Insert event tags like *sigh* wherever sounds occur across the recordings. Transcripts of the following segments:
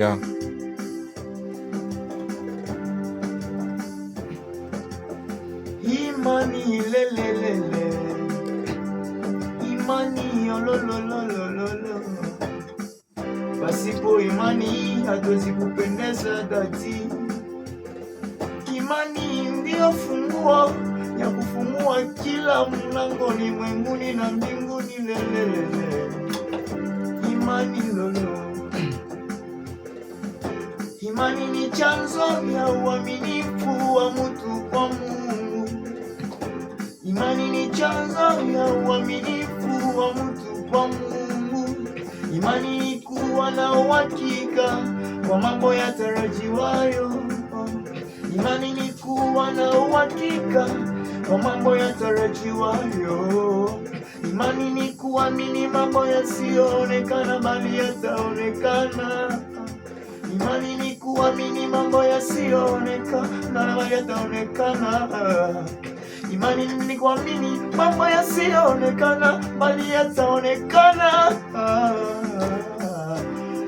Ja. Imani lelelele Imani olololololo Pasipo imani hatuwezi kupendeza dhati Imani ndiyo funguo ya kufungua kila mlango mwenguni na mbinguni imani ni chanzo ya uaminifu wa mtu kwa Mungu. Imani ni chanzo ya uaminifu wa mtu kwa Mungu. Imani ni kuwa na uhakika kwa mambo yatarajiwayo. Imani ni kuwa na uhakika kwa mambo yatarajiwayo. Imani ni kuamini mambo yasiyoonekana bali yataonekana. Imani kuamini mambo yasiyoonekana yataonekana. Imani ni kuamini mambo yasiyoonekana bali yataonekana.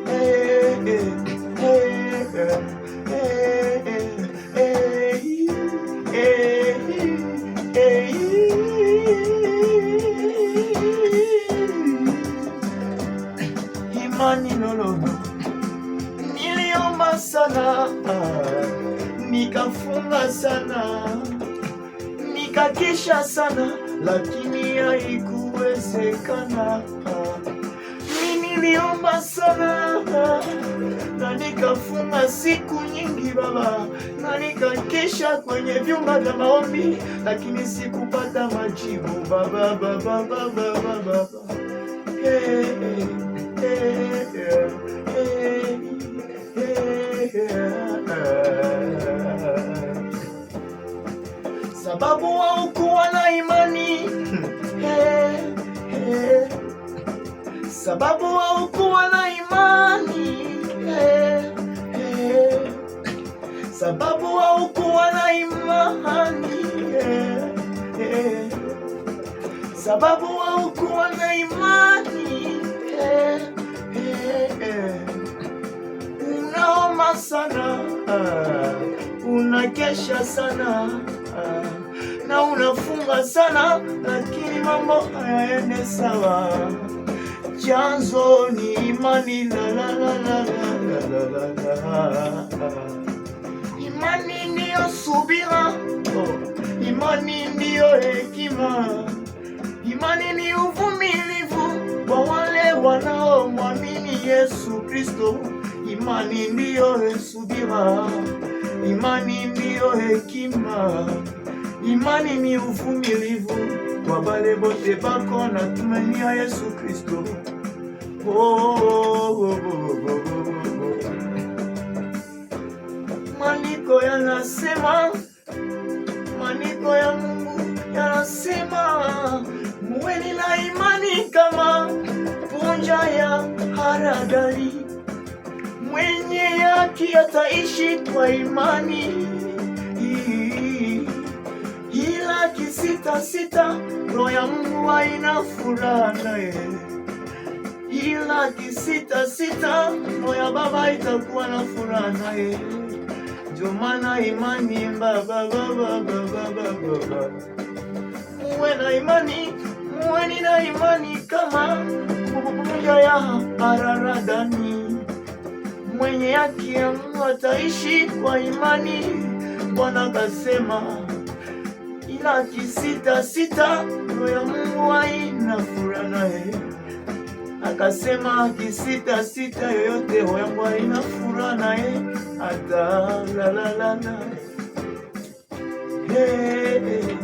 Hey, eh, eh, hey, eh, hey. nikafunga sana nikakesha sana, lakini haikuwezekana. Mimi niliomba sana na nikafunga siku nyingi baba, na nikakesha kwenye vyumba vya maombi, lakini sikupata majibu baba, baba, baba, baba, baba. Hey, hey, hey. sababu haukuwa na imani hey, *laughs* hey. Sababu haukuwa na imani hey, hey. Sababu haukuwa na imani hey, hey. Sababu haukuwa na imani hey, hey, hey. Unaoma sana ah unakesha sana ah, na unafunga sana, lakini mambo hayaende sawa. Chanzo ni imani, la la la la la imani ndiyo subira, oh, Imani ndiyo hekima, imani ni uvumilivu kwa wale wanaomwamini Yesu Kristo. Imani ndiyo subira Imani ndiyo hekima, imani ni uvumilivu kwa bale bote bako na ya Yesu Kristo. maniko oh, ya oh oh, oh, oh, oh. Maandiko yanasema, maandiko ya Mungu yanasema muweni na imani kama punja ya haradali haki ataishi kwa imani, ila kisita sita, roho ya Mungu haina furaha naye, ila kisita sita, roho ya Baba itakuwa na furaha naye. Ndio maana imani, baba baba baba baba, muwe na imani, muweni na imani kama mvua ya haradani mwenye haki ya ataishi kwa imani. Bwana kasema, ila kisita sita roho ya Mungu haina furaha naye. Akasema kisita sita yoyote roho yangu haina furaha naye hata la la la la. Hey, hey.